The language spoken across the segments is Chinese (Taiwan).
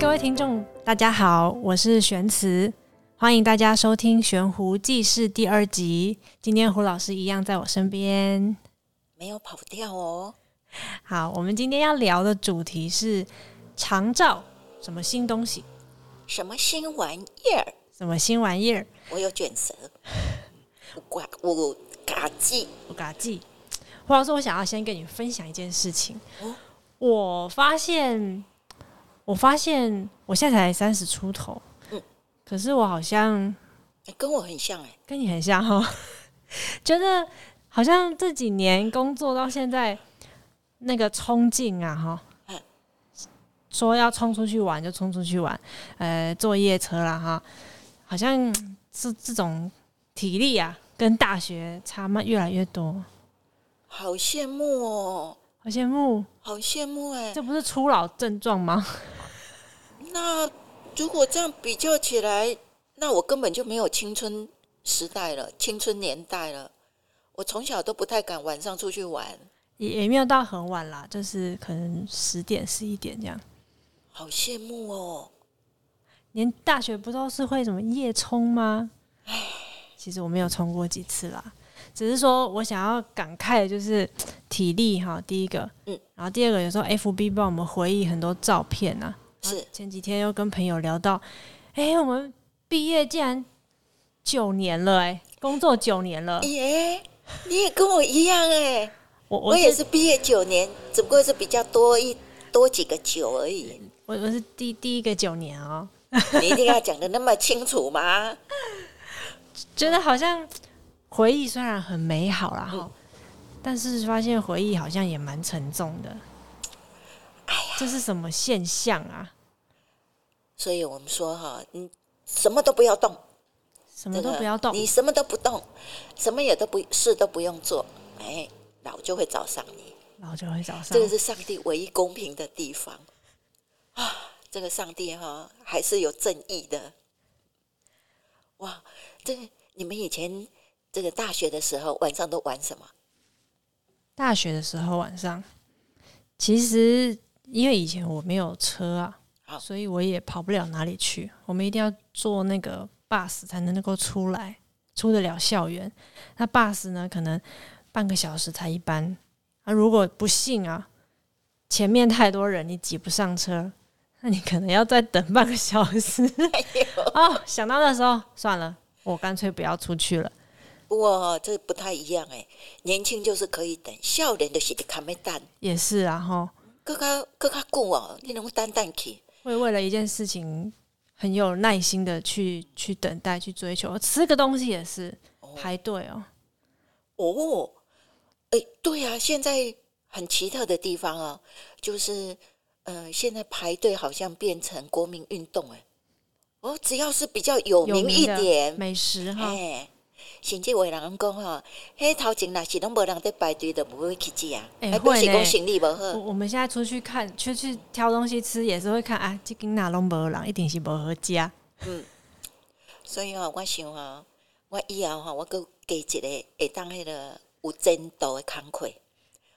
各位聽眾，大家好，我是玄慈，歡迎大家收聽《懸壺紀事》第二集。今天胡老師一樣在我身邊，沒有跑掉哦。好，我們今天要聊的主題是，長照，什麼新東西？什麼新玩意兒？什麼新玩意兒？我有卷舌，我嘎，我嘎嘰，我嘎嘰。胡老師，我想要先跟你分享一件事情。哦，我發現。我發現我現在才三十出頭，嗯，可是我好像跟我很像，欸，跟我很像跟你很像哈， 覺得好像這幾年工作到現在，那個衝勁啊哈，說要衝出去玩就衝出去玩，呃，坐夜車啦哈，好像是這種體力啊，跟大學差嘛越來越多，好羨慕哦。好羨慕，好羨慕哎！這不是初老症狀嗎？ 那如果這樣比較起來，那我根本就沒有青春時代了，青春年代了。我從小都不太敢晚上出去玩，也也沒有到很晚啦，就是可能十點十一點這樣。好羨慕哦！連大學不都是會什麼夜衝嗎？哎，其實我沒有衝過幾次啦。只是說，我想要感慨的就是體力哈，第一個，嗯，然後第二個，有時候 FB 幫我們回憶很多照片啊。是前幾天又跟朋友聊到，哎、欸，我們畢業竟然九年了、欸，哎，工作九年了，耶，你也跟我一樣哎、欸，我我，我也是畢業九年，只不過是比較多一多幾個九而已。我我是第第一個九年哦、喔， 你一定要講得那麼清楚嗎？覺得好像。回憶雖然很美好啦、啊嗯，但是發現回憶好像也蠻沉重的。哎呀，這是什麼現象啊？所以我們說哈，你什麼都不要動，什麼都不要動，這個、你什麼都不動，什麼也都不事都不用做，哎，老就會找上你，老就會找上。這個是上帝唯一公平的地方啊！這個上帝哈、哦、還是有正義的。哇，這個、你們以前。這個大學的時候晚上都玩什麼？大學的時候晚上，其實因為以前我沒有車啊，所以我也跑不了哪裡去。我們一定要坐那個 bus 才能夠出來，出得了校園。那 bus 呢，可能半個小時才一班啊。如果不幸啊，前面太多人，你擠不上車，那你可能要再等半個小時。有 哦，想到那時候，算了，我乾脆不要出去了。不過，哇，這不太一樣哎！年輕就是可以等，少年就是卡梅蛋也是啊哈！更加更加固哦，那種擔當氣，會為了一件事情很有耐心的去去等待、去追求。吃個東西也是排隊哦。哦，哎、哦欸，對呀、啊，現在很奇特的地方啊、哦，就是嗯、呃，現在排隊好像變成國民運動哎。我、哦、只要是比較有名一點名美食哈。欸甚至有的人講哈，迄頭前若是攏無人佇排隊的不會去食。啊、欸，還不是講生理無好、欸，我們現在出去看，出去，去挑東西吃也是會看啊，這囝仔攏無人，一定是無好食。嗯，所以吼、哦，我想吼、哦，我以後吼、哦，我閣加一個會當迄個有前途的工作，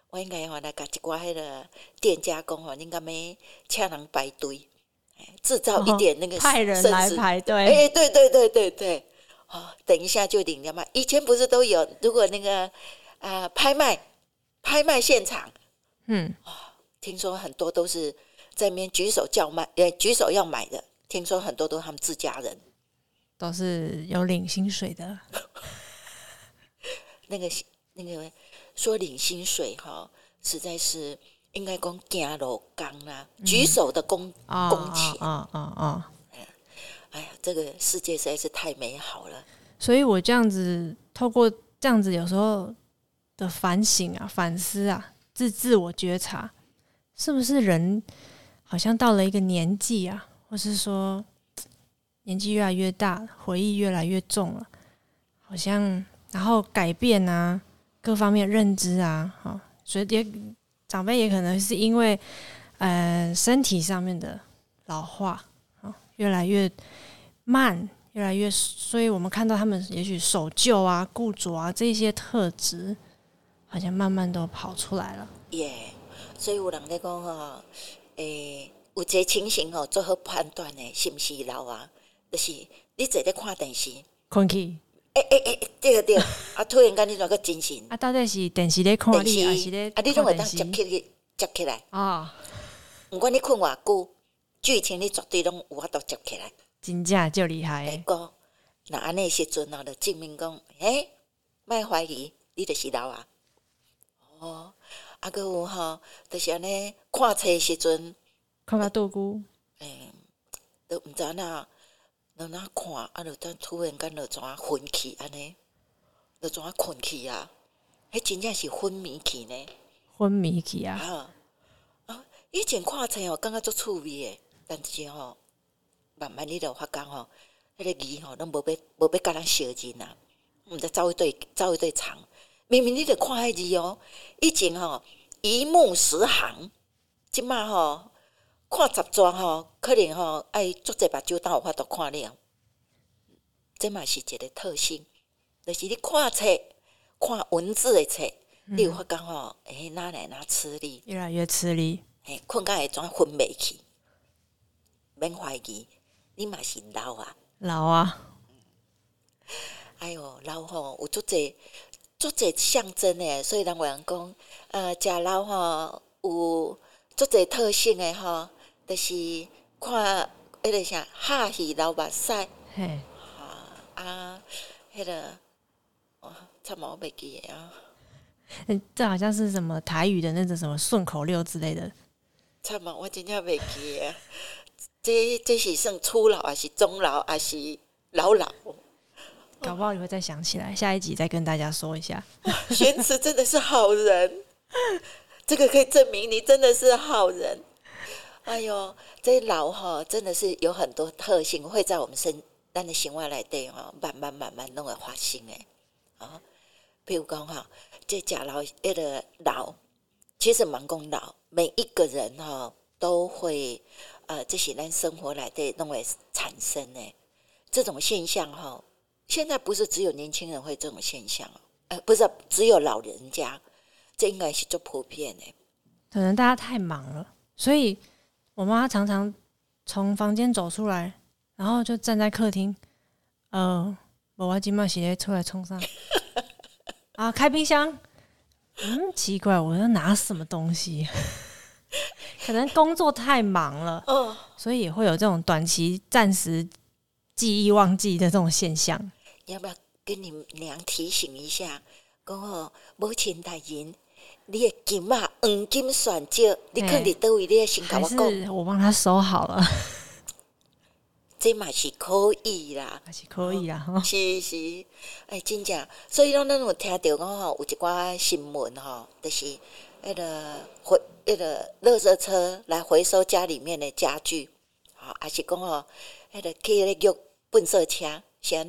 我應該吼來甲一寡迄個店家講，吼應該咪請人排隊，製造一點那個、哦、派人來排隊。誒、欸，對對對對對。哦、等一下就領了嘛，以前不是都有？如果那個啊、呃，拍賣拍賣現場，嗯、哦，聽說很多都是在那邊舉手叫賣，也、欸、舉手要買的。聽說很多都是他們自家人，倒是有領薪水的。嗯、 那個那個說領薪水哈、哦，實在是應該講走路工啊、嗯，舉手的工、哦、工錢、哦哦哦哦哎呀，這個世界實在是太美好了，所以我這樣子透過這樣子有時候的反省啊、反思啊，自自我覺察，是不是人好像到了一個年紀啊，或是說年紀越來越大，回憶越來越重了、啊，好像然後改變啊，各方面認知啊，哈、哦，所以也長輩也可能是因為嗯、呃、身體上面的老化。越來越慢，越來越，所以我們看到他們也許守舊啊、固着啊這些特質，好像慢慢都跑出來了。耶、yeah.！所以有人在講哈，誒、欸，有些情形哦，做好判斷呢，是不是老啊？就是你坐在看電視，困去。誒誒誒，誒、欸，這個對。對對 啊，突然間你那個精神，啊，到底是電視在看，電視還是在視啊，你這個當接起接起來啊、哦。不管你困多久。劇情你絕對攏有法度接起來，真正、欸、就厲害。哥，那安尼些時陣啊，著證明講，哎、欸，莫懷疑，你著是老啊。哦，啊，擱有吼，著是安尼看冊時陣，看啊倒久？哎，都、嗯、毋、欸、知吶，哪哪看，啊，著當突然間著怎昏去安尼，著怎困去啊？迄真正是昏迷去呢？昏迷去啊！啊，以前看冊吼，感覺足趣味誒。但是吼、喔，慢慢你就發覺吼、喔，迄、那個字吼，攏無要無要佮咱相認吶，毋知走去佗走去佗藏。明明你著看迄字哦，以前吼、喔、一目十行，即馬吼看十章吼、喔，可能吼愛足濟目睭才有法度看了，即嘛是一個特性，就是你看冊看文字的冊、嗯，你有發覺吼哎，哪來哪吃力，越來越吃力，誒，困覺也轉昏袂去。別懷疑，你嘛是老啊，老啊！哎呦，老吼，有足儕足儕象徵誒。所以人有人講，呃，食老吼有足儕特性誒，吼，著、就是看迄、那個啥哈是老目屎，嘿，啊，迄、那個哦，差毋多未記誒啊、欸，這好像是什麼台語的那種什麼順口溜之類的，差毋多我真正未記。誒。 這這些是算初老，還是中老，還是老老？搞不好你會再想起來、哦，下一集再跟大家說一下。玄慈真的是好人， 這個可以證明你真的是好人。哎喲，這老、哦、真的是有很多特性， 會在我們身、咱的行外來對哦，慢慢慢慢攏會發生哎啊。比如講哈，這假老，這的老其實蠻古老，每一個人、哦、都會。呃，這些人生活來的，弄來產生呢？這種現象哈，現在不是只有年輕人會這種現象，呃，不是只有老人家，這應該是就普遍的。可能大家太忙了，所以我媽常常從房間走出來，然後就站在客廳，呃，我阿姐嘛，鞋出來創啥啊？開冰箱？嗯，奇怪，我要拿什麼東西，啊？可能工作太忙了，嗯、哦，所以也會有這種短期、暫時記憶忘記的這種現象。要不要跟你娘提醒一下？講哦，母親大人，你的金啊，黃金選擇、欸，你肯定都為你的性格。我講，我幫他收好了，這嘛是可以啦， 是可以啦，哦哦、是是。哎、欸，真講，所以講，咱有聽到講哦，有一寡新聞哈，就是那個、欸迄、那個垃圾車來回收家裡面的家具，啊，還是講吼，迄、啊、個去咧個糞掃車，是啊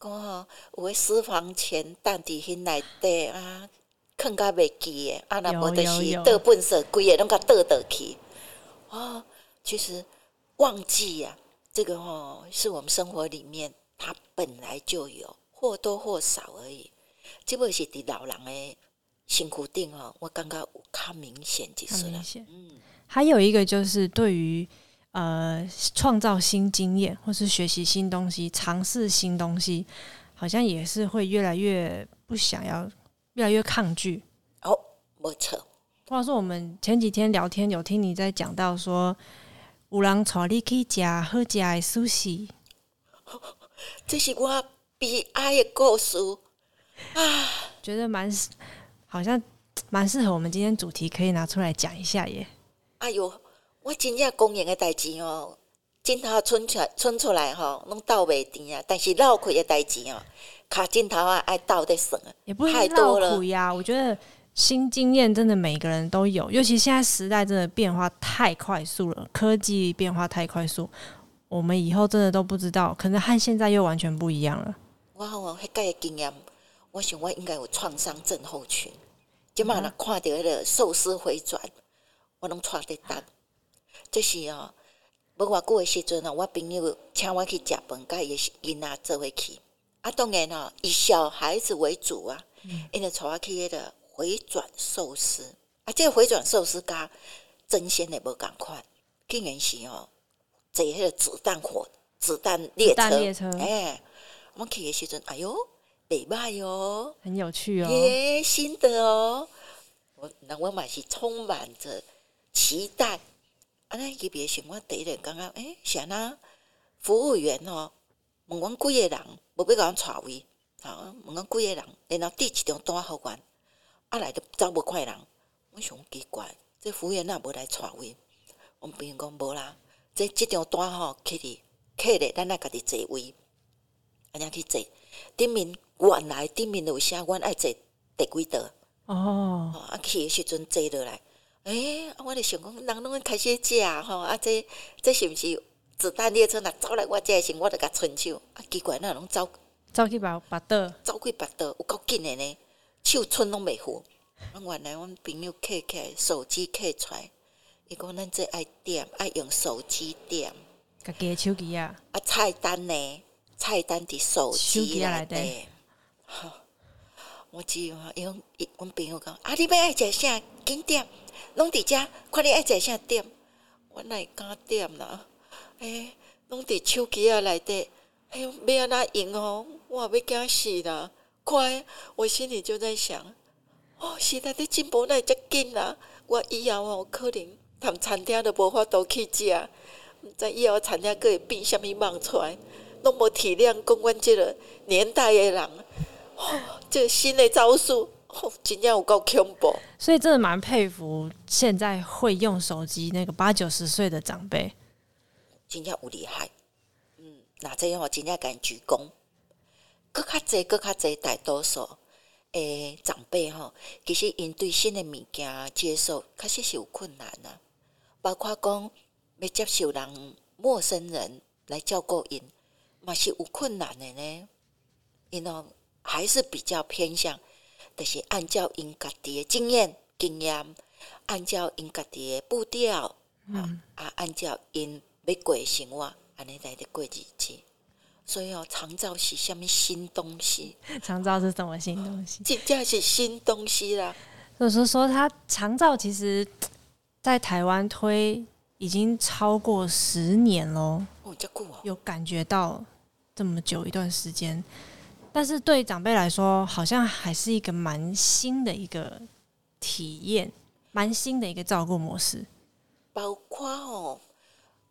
吶，講吼有的私房錢，當地先來得啊，囥較袂記的，啊那無就是倒糞掃規個，攏甲倒倒去哦，其實旺季呀，這個吼、哦、是我們生活裡面，它本來就有，或多或少而已。特別是對老人誒。辛苦定了，我剛剛看明顯其實了明顯。嗯，還有一個就是對於呃創造新經驗，或是學習新東西、嘗試新東西，好像也是會越來越不想要，越來越抗拒。哦，沒錯。話說我們前幾天聊天，有聽你在講到說，有人帶你去吃好吃的壽司，這是我悲哀的故事。啊，覺得蠻。好像蠻適合我們今天主題，可以拿出來講一下耶。哎呦，我今天公演的代金哦，鏡頭衝出衝出來吼、喔，攏倒袂停啊，但是勞苦的代金哦，卡鏡頭啊愛倒的損啊，也不老、啊、太多了。呀。我覺得新經驗真的每個人都有，尤其現在時代真的變化太快速了，科技變化太快速，我們以後真的都不知道，可能和現在又完全不一樣了。我我迄個經驗，我想我應該有創傷症候群。即滿那看着迄個壽司回轉，我攏帶咧等。這是吼、喔，無，偌久誒時陣吼，我朋友請我去食飯，甲伊誒囡仔做伙去。啊，當然哦、喔，以小孩子為主啊，因帶我去迄個回轉壽司、嗯、啊，這回轉壽司甲真心誒無共款，竟然是吼、喔、坐迄個子彈火、子彈列車，誒，我們去誒時陣哎喲。禮拜喲，很有趣哦，耶，心得哦。我那我嘛是充滿着期待。啊，那特別行，我第一個剛剛哎，想、欸、啊，服務員哦，問阮幾個人，無要甲阮帶位，好，問阮幾個人，然後第一張單互阮，啊來著走無快人，我想奇怪，這個、服務員哪無來帶位，阮朋友講無啦，這即、個、張單吼，客佇客咧，咱來家己坐位，安尼去坐，頂面。原來頂面有寫，阮愛坐第幾桌哦。Oh. 啊，去時陣坐落來，哎、欸，我咧想講，人攏開始食吼，啊，這這是毋是子彈列車吶？走來我的時陣，我著甲伸手，啊，奇怪，那攏走走去把把桌走去把桌有夠緊的呢，手寸攏袂赴。我原來阮朋友客起手機客出，伊講咱這愛點愛用手機點，家己個手機啊，啊菜單呢？菜單佇手機內底。欸好、哦，我只有哈，因為一，朋友講，啊，你要愛食啥緊點，攏佇遮，看你愛食啥點，我來加點啦。哎、欸，攏佇手機啊內底，哎、欸，要安怎用哦？我也要驚死啦！看我心裡就在想，哦，是在麼這進步那也緊啦。我以後哦可能談餐廳都無法都去食毋知以後餐廳閣會變什麼慢餐？攏無體諒講阮這個年代的人。哦，這個新的招數，吼、哦、真正有夠恐怖，所以真的蠻佩服現在會用手機那個八九十歲的長輩，真正有厲害，嗯，那這樣我真正甲因鞠躬。各較儕各較儕大多數誒，長輩吼，其實因對新的物件接受，確實是有困難啊。包括講要接受人陌生人來照顧因嘛，是有困難的呢。因吼、喔。還是比較偏向，就是按照因家的經驗、經驗，按照因家的步調，嗯啊，按照因要過生活，安尼來的過日子。所以哦，長照是蝦米新東西？長照是什麼新東西？這、哦、架、哦、是新東西啦。就是說，他長照其實，在台灣推已經超過十年嘍、哦哦。有感覺到這麼久一段時間。但是對長輩來說，好像還是一個蠻新的一個體驗，蠻新的一個照顧模式。包括哦、喔，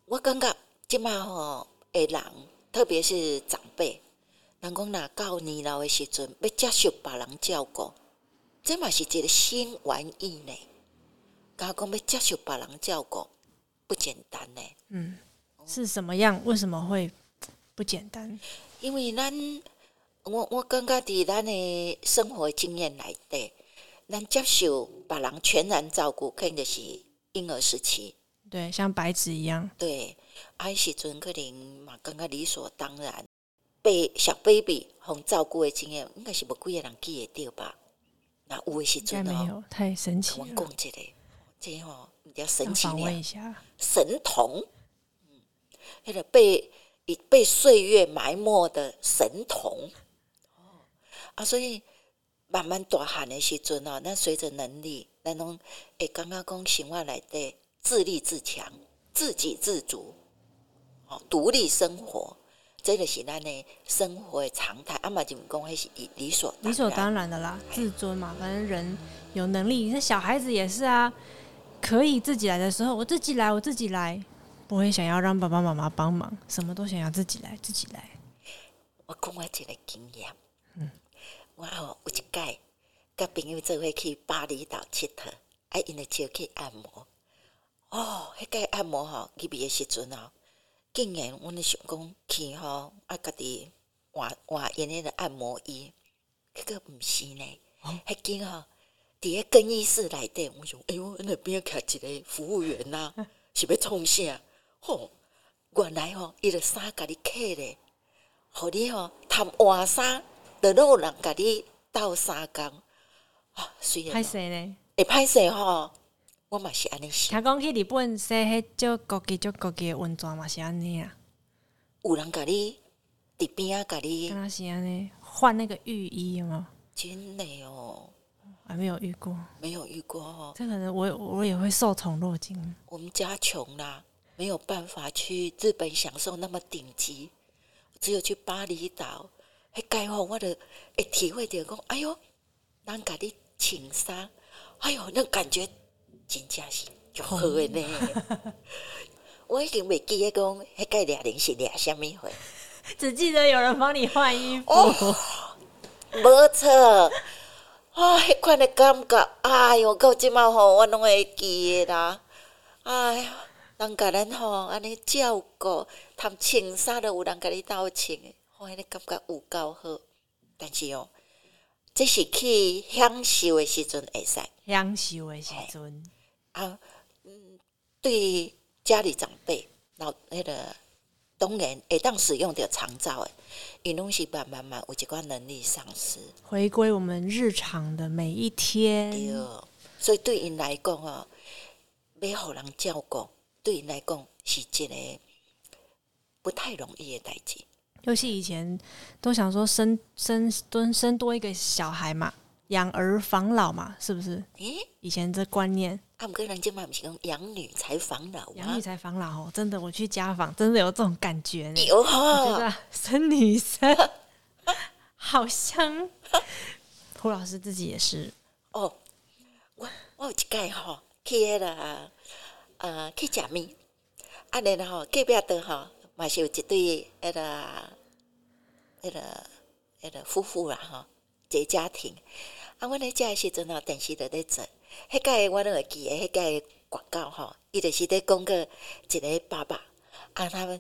我感覺即嘛吼誒人，特別是長輩，人講若到年老的時陣要接受別人照顧，這嘛是一個新玩意呢。講、就、講、是、要接受別人照顧不簡單呢。嗯，是什麼樣？為什麼會不簡單？因為咱。我我感覺在咱的生活經驗內底，能接受別人全然照顧，肯定是嬰兒時期。對，像白紙一樣。對，彼時陣可能嘛，剛剛理所當然被小 baby 哄照顧的經驗，應該是沒幾個人記得掉吧？那我是真的沒、喔、太神奇了。我講起來，這樣、喔、比較神奇。神童，嗯、那個被被歲月埋沒的神童。啊，所以慢慢大漢的時陣啊，那隨着能力，那儂誒，剛剛講生活來得自立自強、自給自足，哦、獨立生活，這個是咱的生活的常態。阿、啊、媽就講，還是理理所理所當然的啦，自尊嘛，反正人有能力，那小孩子也是啊，可以自己來的時候，我自己來，我自己來，我會想要讓爸爸媽媽幫忙，什麼都想要自己來，自己來。我講我一個經驗。我哦，有一擺甲朋友做伙去巴厘島佚佗，啊，因咧招去按摩。哦，迄擺按摩吼、哦，入去的時陣哦，竟然阮咧想講去吼、哦，啊，家己換換因迄個按摩衣，迄個毋是咧，迄間吼，佇、哦、個更衣室內底，我想，哎、欸、呦，因那邊倚一個服務員吶、啊嗯，是要創啥？吼、哦，原來吼，伊的衫家己客咧，互你吼，通換衫。得有人給你倒沙缸，啊，歹勢呢？哎，歹勢吼，我嘛是安尼想。聽講去日本洗迄種高級、足高級的溫泉嘛，是安尼啊。有人給你佇邊啊，給你，那是安尼換那個浴衣嘛？真的哦、喔，還沒有遇過，沒有遇過哦。這可能我我也會受寵若驚。我們家窮啦，沒有辦法去日本享受那麼頂級，只有去巴厘島。迄蓋好我著，會體會點講哎喲，咱家己穿衫，哎喲，那、哎、感覺真正是足好誒的。 我已經未記迄工，迄蓋兩零是兩啥物貨，只記得有人幫你換衣服。哦、沒錯，哇、哦，迄款誒感覺，哎喲，到即滿吼，我攏會記誒啦。哎呀，人甲咱吼安尼照顧，通穿衫都有人甲你鬥穿誒。我、哦、還、那個、感覺有夠好，但是哦，這是去享受的時陣會使，享受的時陣啊。嗯，對家裡長輩老那個，當然會當使用着長照的，因攏是慢慢慢有一寡能力喪失，回歸我們日常的每一天。哦、所以對因來講哦，要互人照顧，對因來講是一個不太容易的代志。尤其以前都想說生生多生多一個小孩嘛，養兒防老嘛，是不是？誒、欸，以前這觀念，講養女，、啊、女才防老，養女才防老哦，真的，我去家訪，真的有這種感覺，、哦覺啊。生女生 好像胡 老師自己也是哦，我我有一次哦，去了呃去吃麵，啊然後隔壁的哈。這樣哦去還是有一對那個、那個、那個夫婦了哈，這家庭啊，我來介紹時陣啊，電視在在做，迄個我都會記得，迄個廣告哈，伊就是在講個一個爸爸啊，他們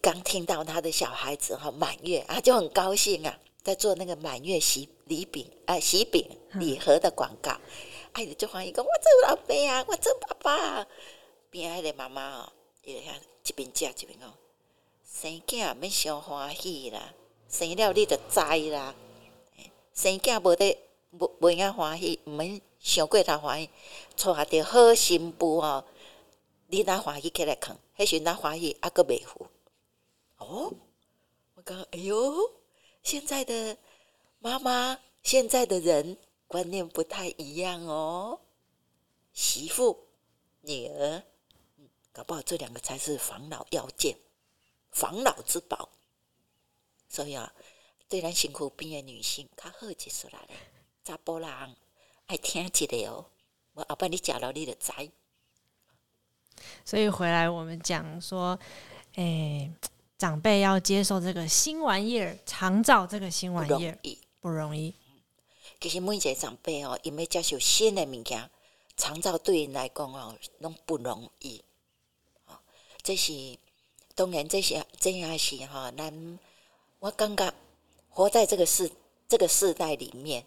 剛聽到他的小孩子哈滿月啊，就很高興啊，在做那個滿月喜禮餅啊，喜餅禮盒的廣告。哎、嗯，啊、就歡喜講我做老爸啊，我做爸爸。啊，邊迄個媽媽哦，伊就遐一邊吃一邊講。生囝毋免傷歡喜啦，生了你著知啦。生囝無得無未咁歡喜，毋免傷過頭歡喜，娶着好媳婦哦，你若歡喜起來。看，迄時若歡喜還佫袂赴哦，我講，哎喲，現在的媽媽，現在的人觀念不太一樣哦。媳婦、女兒，嗯，搞不好這兩個才是防老要件。防老之寶，所以啊，對咱身軀邊的女性較好幾出來嘞。查甫人愛聽起的哦，我阿伯你嫁了你的仔。所以回來我們講說，誒，長輩要接受這個新玩意兒，長照這個新玩意兒不容易，不容易、嗯。其實每一個長輩哦，因為接受新的物件，長照對人來講哦，攏不容易。好、哦，這是。當然這些這樣子哈，那我感覺，活在這個世這個世代裡面，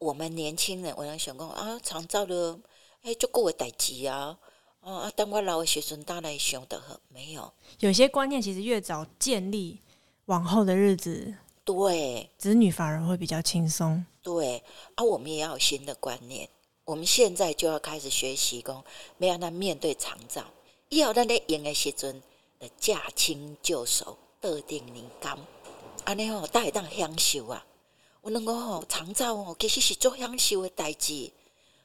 我們年輕人，我想講啊，長照了，哎，就夠我代誌啊。哦、啊，等我老的時陣再來想得很沒有，有些觀念其實越早建立，往後的日子對子女反而會比較輕鬆。對啊，我們也要有新的觀念，我們現在就要開始學習，講要按怎面對長照，以後咱咧用的時陣。駕輕就熟，得定年甘，安尼哦，逐個會當享受啊！阮兩個吼長照哦，其實是做享受誒代志。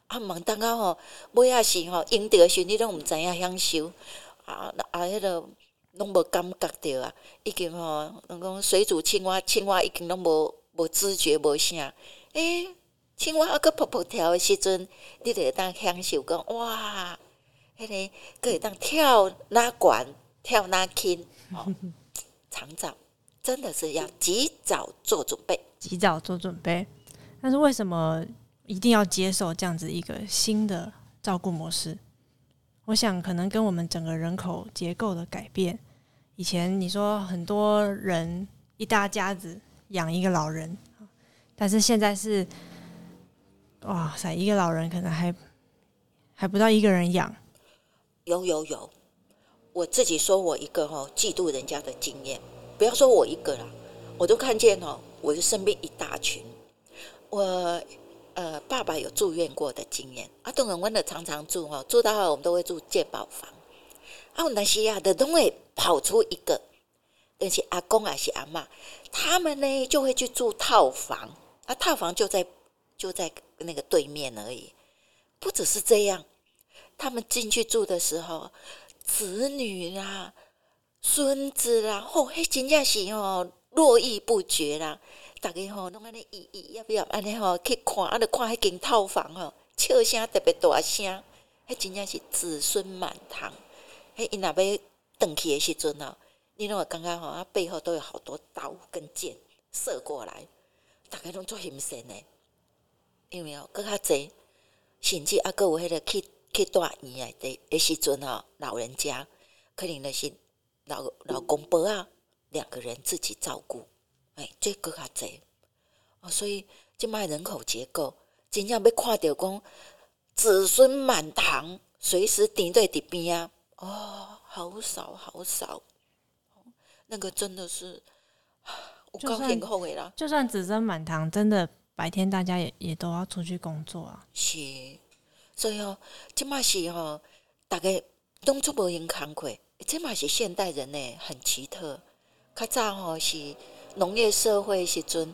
啊，忙當啊吼，尾啊是吼，用著誒時你攏毋知影享受，啊啊，迄個攏無感覺着啊！已經吼、喔，儂講水煮青蛙，青蛙已經攏無無知覺，無啥。誒、欸，青蛙猶，擱噗噗跳誒時陣，你著會當享受講哇！迄個閣會當跳哪管？長照，真的是要及早做準備，及早做準備。但是為什麼一定要接受這樣子一個新的照顧模式？我想可能跟我們整個人口結構的改變。以前你說很多人一大家子養一個老人，但是現在是哇塞，一個老人可能還還不到一個人養。有有有。我自己說，我一個哦，嫉妒人家的經驗，不要說我一個啦，我都看見哦，我就身邊一大群。我呃，爸爸有住院過的經驗，阿棟人溫的常常住哦，住到後我們都會住健保房。啊，那些阿的都誒，跑出一個，那些阿公還是阿嬤，他們呢就會去住套房，啊，套房就在就在那個對面而已。不只是這樣，他們進去住的時候。子女啦、孫子啦，吼、哦，迄真正是吼絡繹不絕啦。逐個吼，攏安尼，伊伊要不安尼吼去看，啊、哦，著看迄間套房吼笑聲特別大聲，迄真正是子孫滿堂。迄因若要倒去的時陣吼，你攏會感覺吼，啊，背後都有好多刀跟箭射過來，逐個攏足欣羨的，有沒有？閣較濟，甚至啊，閣有迄個去。去住院的時陣啊，老人家可能那些老老公婆啊，兩個人自己照顧，哎，做擱較濟。哦，所以即賣人口結構真正要看到講子孫滿堂，隨時停在一邊啊，哦，好少好少。那個真的是，有夠幸福的啦，就算就算子孫滿堂，真的白天大家也也都要出去工作啊。是。所以、哦，這嘛是吼、哦，大家攏做無閒工課。這嘛是現代人誒，很奇特。較早吼是農業社會時陣，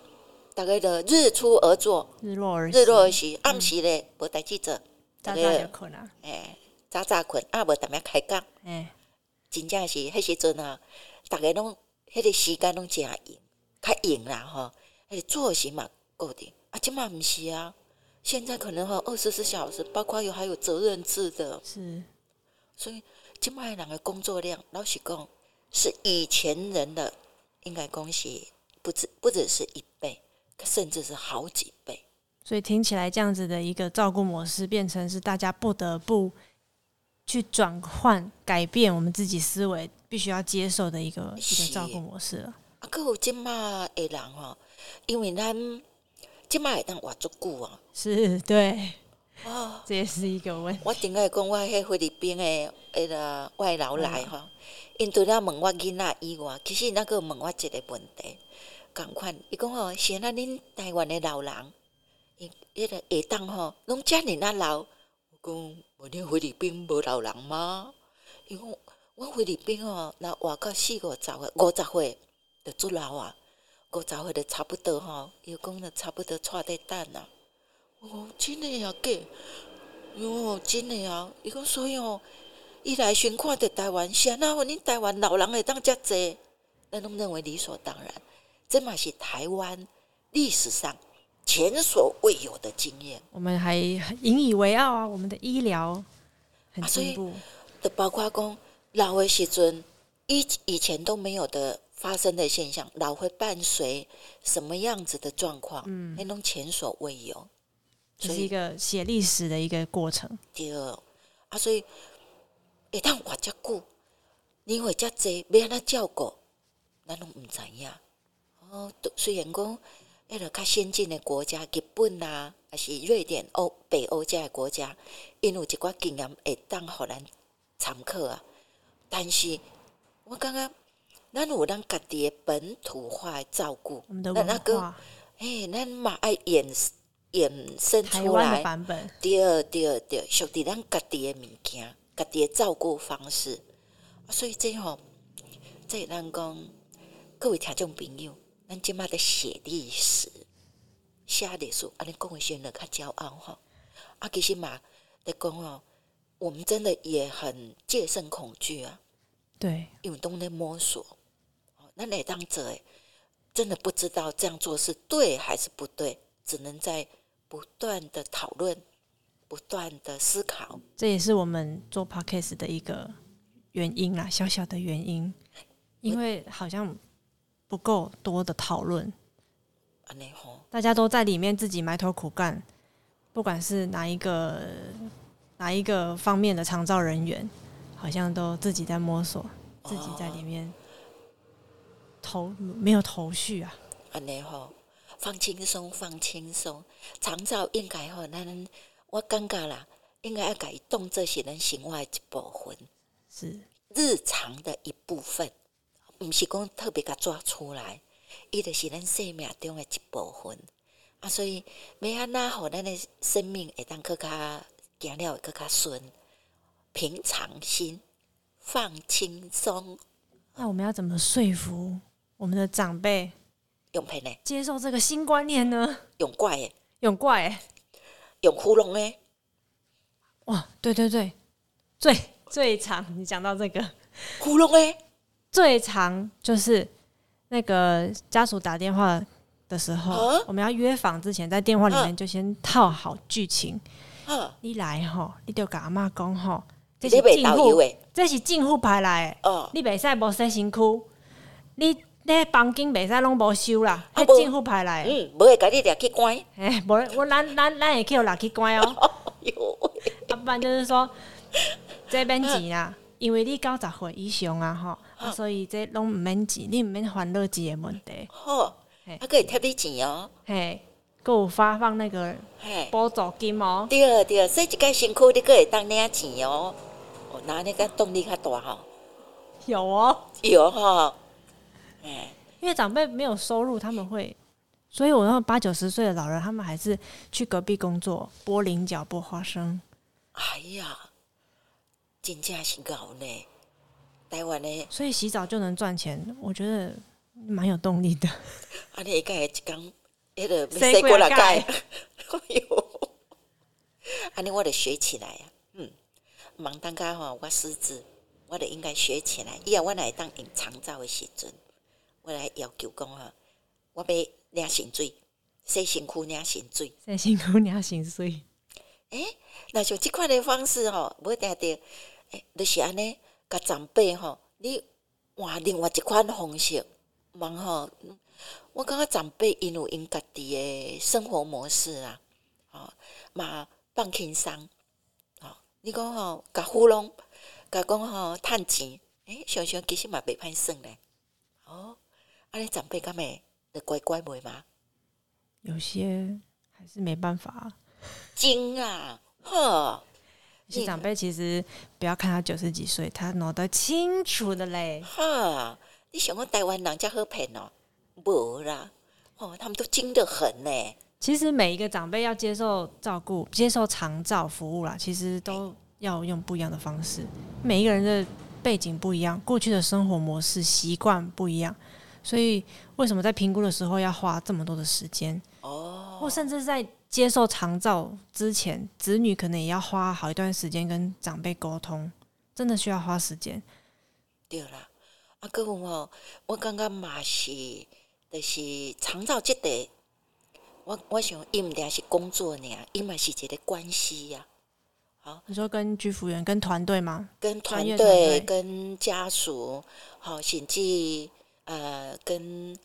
大家就日出而作，日落而日落而息，暗時咧無代誌做。當然有可能，哎、嗯欸，早早困，啊，無逐面開工嗯、欸，真正是迄時陣啊，逐個攏迄個時間攏誠閒較閒啦吼，迄、那個作息嘛固定。啊，即嘛毋是啊。現在可能哦二十四小時，包括有還有責任制的，是，所以現在的人的工作量，老實講，是以前人的應該講是，不止不止是一倍，甚至是好幾倍。所以聽起來這樣子的一個照顧模式，變成是大家不得不去轉換、改變我們自己思維，必須要接受的一個一個照顧模式了。啊，閣有現在的人哦，因為咱。即擺會當活足久啊、哦！是，對，哦，這也是一個問題。我頂下講我迄菲律賓誒，迄個外勞來，吼、嗯，因除了問我囝仔以外，其實因閣問我一個問題，共款，伊講哦，像啊恁台灣誒老人，伊迄個下當吼，攏遮爾啊老。我講，無恁菲律賓無老人嗎？伊講，我菲律賓吼，若活到四五十歲，五十歲着足老啊。過十歲就差不多吼，伊講就差不多，帶得等啦。哦，真的呀、啊、假？哦，真的呀、啊！伊講所以哦，伊來巡看佇台灣先，那恁台灣老人會當遮濟，那攏認為理所當然。這嘛是台灣歷史上前所未有的經驗，我們還引以為傲啊！我們的醫療很進步，對、啊，所以包括講老誒時陣以以前都沒有的。發生的現象，老會伴隨什麼樣子的狀況？嗯，哎，攏前所未有，這是一個寫歷史的一個過程。對，啊，所以，會當活遮久，你會遮濟要安怎照顧，咱攏毋知影？哦，雖然講，迄、那個較先進的國家，日本啊，還是瑞典北歐這個國家，因有一個經驗會當予咱參考啊。但是，我剛剛。那有咱家己本土化的照顧，那那個，哎，咱嘛愛延伸延伸出來版本，第二第二第二兄弟，咱家己的物件，家己照顧方式，所以這樣，在咱講各位聽眾朋友，咱今麥在,在寫歷史，寫歷史，安尼講的先人較驕傲哈，啊，其實嘛在講哦，我們真的也很戒慎恐懼啊，對，永動在摸索。那哪當者、欸，真的不知道這樣做是對還是不對，只能在不斷的討論、不斷的思考。這也是我們做 podcast 的一個原因啦，小小的原因，因為好像不夠多的討論，大家都在裡面自己埋頭苦幹。不管是哪一個、哪一個方面的長照人員，好像都自己在摸索，自己在裡面。哦頭沒有頭緒啊！安尼吼，放輕鬆，放輕鬆。長照應該吼、喔，咱我感覺啦，應該要改動作是咱生活的一部分，是日常的一部分，唔是講特別噶抓出來，伊就是咱生命中的一部分。啊，所以要安那吼，咱的生命會當閣較行了，閣較順。平常心，放輕鬆。那我們要怎麼說服？我們的長輩用騙呢？接受這個新觀念呢？用拐，用拐，用窟窿哎！哇，對對對，最最長你講到這個窟窿哎，最長就是那個家屬打電話的時候，我們要約訪之前，在電話裡面就先套好劇情。嗯，一來吼、喔，你就要跟阿嬤講吼，這是政府、欸，這是政府派來、欸。嗯、哦，你別曬，莫曬辛苦，你。那房間本身攏無收啦，還、啊那個、政府派來的？嗯，不會給你，改日來去關。哎，不會，我咱咱咱也去有來去關哦。一般就是說這免錢啦， 因為你九十歲以上啊 啊，所以這攏唔免錢，你唔免煩惱錢的問題。哦，啊，可以貼你錢哦、喔。嘿，給我發放那個補助金哦、喔。對對，所以幾辛苦你個也當領錢、喔、哦。我拿那個動力卡多哈？有哦、喔，有哈、喔。因為長輩沒有收入，他們會，所以我那八九十歲的老人，他們還是去隔壁工作，剝菱角，剝花生。哎呀，真正是高嘞，台灣嘞，所以洗澡就能賺錢，我覺得蠻有動力的。啊，你一蓋一缸，一個塞過來蓋，哎呦， 我得學起來呀，嗯，忙當家哈，我私自，我得應該學起來。以後，我來當長照的時陣。.我來要求講吼，我要領薪水洗身軀，領薪水洗身軀，領薪水。誒，若、欸、像即款的方式吼，無定著誒，著、就是安尼，甲長輩吼，你換另外一款方式，忙吼。我感覺長輩因有因家己嘅生活模式啊，吼嘛放輕鬆，吼、喔，你講吼、喔，甲糊弄，甲講吼，趁錢，誒、欸，想想其實嘛未歹算咧。阿、啊，你長輩敢沒？你乖乖沒嗎？有些還是沒辦法精啊！哈、啊！有些長輩其實不要看他九十幾歲，他腦袋清楚的嘞。哈！你想說台灣人這麼好騙哦、喔？不啦！哦，他們都精得很嘞。其實每一個長輩要接受照顧、接受長照服務啦，其實都要用不一樣的方式。每一個人的背景不一樣，過去的生活模式、習慣不一樣。所以，為什麼在評估的時候要花這麼多的時間？哦，或甚至在接受長照之前，子女可能也要花好一段時間跟長輩溝通，真的需要花時間。對啦，阿、啊、哥我我剛剛嘛是就是長照這的，我我想因的是工作呢，因嘛是這個關係呀、啊。好、哦，你說跟居服員、跟團隊嗎？跟團隊、跟家屬，好、哦，甚至。呃，跟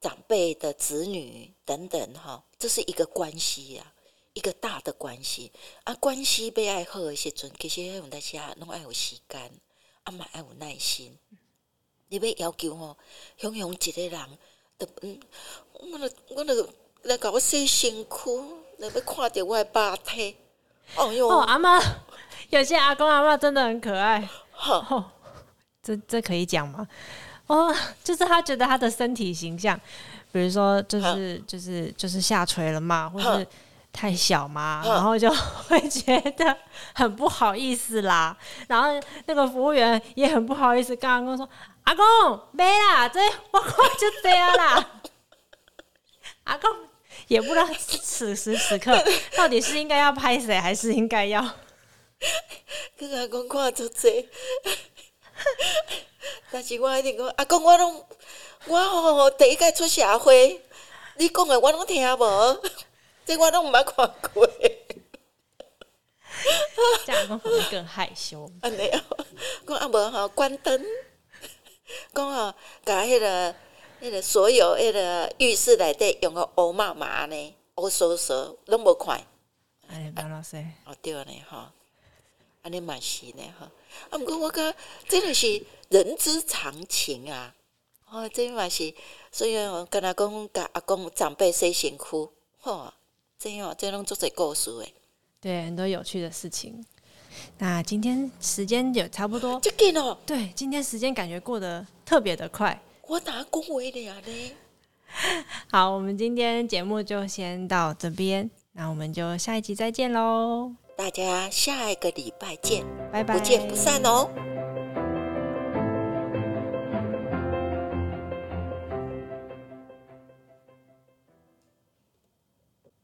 長輩的子女等等，哈，這是一個關係呀、啊，一個大的關係啊。關係要愛好的時陣，其實用在些攏愛有時間，嘛愛有耐心。你要要求吼、喔，雄雄一個人，嗯，我勒我勒來我些辛苦，你要看着我爸體。哦喲、哦，阿嬤，有些阿公阿嬤真的很可愛。吼、哦、吼、哦，這這可以講嗎？哦、oh，就是他覺得他的身體形象，比如說就是、huh? 就是就是下垂了嘛，或是太小嘛，huh? 然後就會覺得很不好意思啦。然後那個服務員也很不好意思，跟阿公說阿公沒啦，這我就這樣啦。 阿公也不知道此時此刻到底是應該要拍誰，還是應該要 跟阿公看作這。 但是，我一定講，阿公我攏我吼、哦，第一屆出社會，你講誒，我攏聽無，這個、我攏毋捌看過。阿公可能更害羞。 啊啊、沒有，講阿伯哈關燈，講哦，甲迄、那個、迄、那個所有、迄個浴室內底用個烏麻麻呢，烏颼颼，攏無看誒。安老師，哦對了呢哈，阿你嘛是呢哈。啊，姆哥，我講真的是人之常情啊！哦，真的是，所以我跟他講，阿公長輩雖辛苦，吼、哦，這樣、哦、這樣攏做些故事誒。對，很多有趣的事情。那今天時間就差不多。就夠了。對，今天時間感覺過得特別的快。我打恭維的呀嘞。好，我們今天節目就先到這邊，那我們就下一集再見嘍。大家下一個禮拜見 bye bye，不見不散哦。